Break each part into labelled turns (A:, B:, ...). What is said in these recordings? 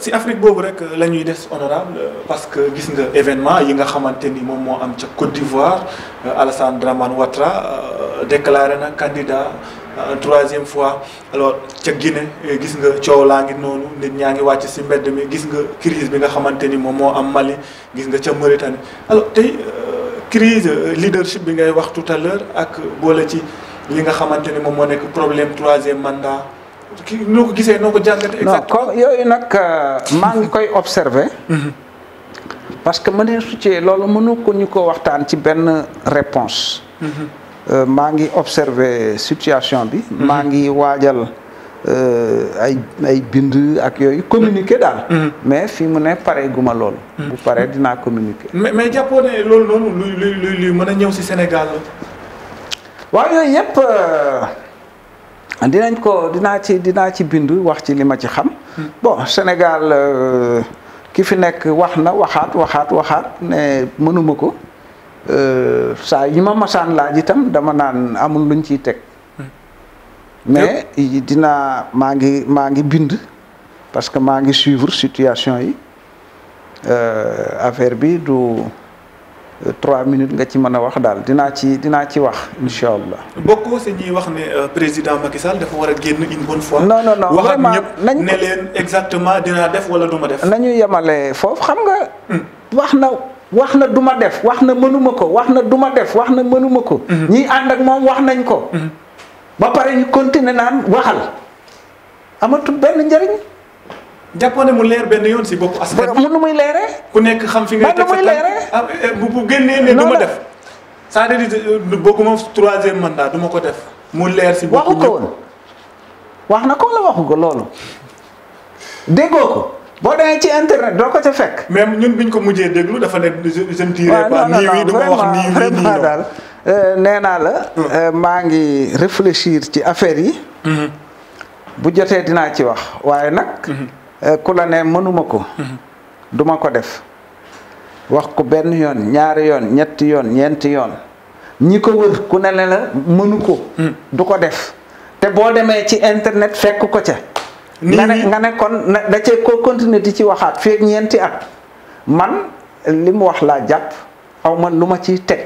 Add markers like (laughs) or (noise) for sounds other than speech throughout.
A: si Afrique boobu rek euh, la ñuy des honorable euh, parce que gis nga événement yi nga xamante ni moom moo am ca Côte d'Ivoire euh, Alassane Dramane Ouattara déclaré na candidat troisième fois alors ca Guinée gis nga coow laa ngi noonu nit ñaa ngi wàcc si mbedd mi gis nga crise bi nga xamante ni moom moo am Mali gis nga ca Mauritanie alors tey crise leadership bi ngay wax tout à l'heure ak boole ci li nga xamante ni moom moo nekk problème troisième mandat kii noo ko gisee noo ko jàngatee. exactement non
B: yooyu nag euh, maa ngi koy observer. parce que mënee su cee loolu mënu ko ñu ko waxtaan ci benn réponse euh, maa ngi observer situation bi. maa ngi waajal euh, ay ay bind ak yooyu communiquer daal. mais fi mu ne pare guma loolu. bu paree dinaa communiquer.
A: mais mais jàppoo ne loolu loolu luy luy luy mën a ñëw si Sénégal la.
B: waaw yëpp. dinañ ko dinaa ci dinaa ci bind wax ci li ma ci xam. bon Sénégal euh, ki fi nekk wax na waxaat waxaat waxaat ne mënuma ko euh, saa yi ma masaan laaj itam dama naan amul luñ ciy teg. Hmm. mais dinaa maa ngi maa ngi bind parce que maa ngi suivre situation yi euh, affaire bi du. trois minutes nga ci mën a wax daal dinaa ci dinaa ci wax incha allah.
A: bokkoo si ñuy wax ne euh, président Macky Sall dafa war a génn une bonne fois. non non non vraiment wax ne leen exactement dinaa def wala du ma def.
B: nañu yemale foofu xam nga. Hmm. wax na wax na du def wax na mënuma ko wax na du def wax na mënuma ko. Hmm. ñiy ànd ak moom wax nañ ko. Hmm. ba pare ñu continuer naan waxal amatul
A: benn njëriñ. jàppoo mu leer benn yoon si bokk askan mu nu muy leeree. ku nekk xam fi ngay teg sa tànk ah, eh, bu bu génnee ne du ma def. c'est-à-dire bokkuma troisième mandat du ma ko def. mu leer si bopp waxu wax na ko waxu ko loolu déggoo ko. boo demee ci internet doo ko ca fekk. même ñun biñ ko mujjee déglu dafa ne je ne tiire pas nii wii du ma wax
B: euh, nee naa la. Hmm. Euh, maa ngi réfléchir ci affaire yi. Hmm. bu jotee dinaa ci wax waaye nag. Hmm. Eh, ku la ne mënuma ko mhm. duma ko def wax ko benn yoon ñaari yoon ñetti yoon ñeenti yoon ñi ko wër ku ne ne la mënu ko mhm. du ko def te boo demee ci internet fekk ko ca nga ne da ca ko di ci waxaat feeg ñeenti at man li mu wax laa jàpp aw ma lu ma ciy teg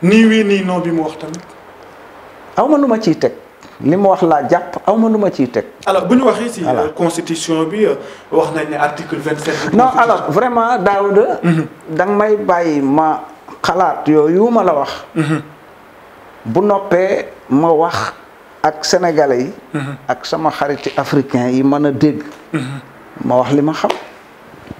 B: nii wii nii bi mu wax tamit aw ma lu ma ciy teg Ce que je je dire. que
A: alors si vous avez la constitution bi euh, wax nañ article non alors vraiment Je
B: suis vais may ma xalaat ce ma la wax. Mhm. bu ma wax ak sénégalais yi. Mhm. ak sama africain yi mhm. ma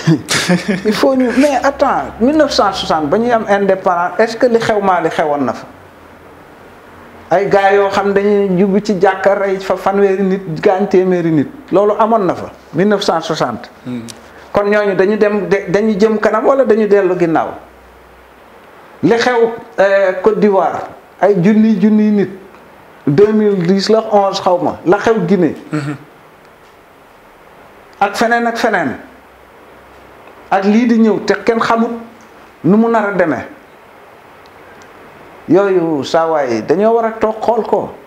B: (laughs) il faut ñu mais attends 1960 ba ñuy am indépendance est-ce que li xew maa li xewoon na fa ay gars yoo xam dañuy jubbi ci jàkka rey fa fanweeri nit gaañ téeméeri nit loolu amoon na fa 1960. Hmm. kon ñooñu dañu dem dañu jëm kanam wala dañu dellu ginnaaw li xew euh, Côte d'Ivoire ay junni junniy nit 2010 la 11 xaw ma la xew Guinée. Hmm. ak feneen ak feneen. at lii di ñëw te kenn xamut nu mu nar a deme yooyu saawaay dañoo war a toog xool ko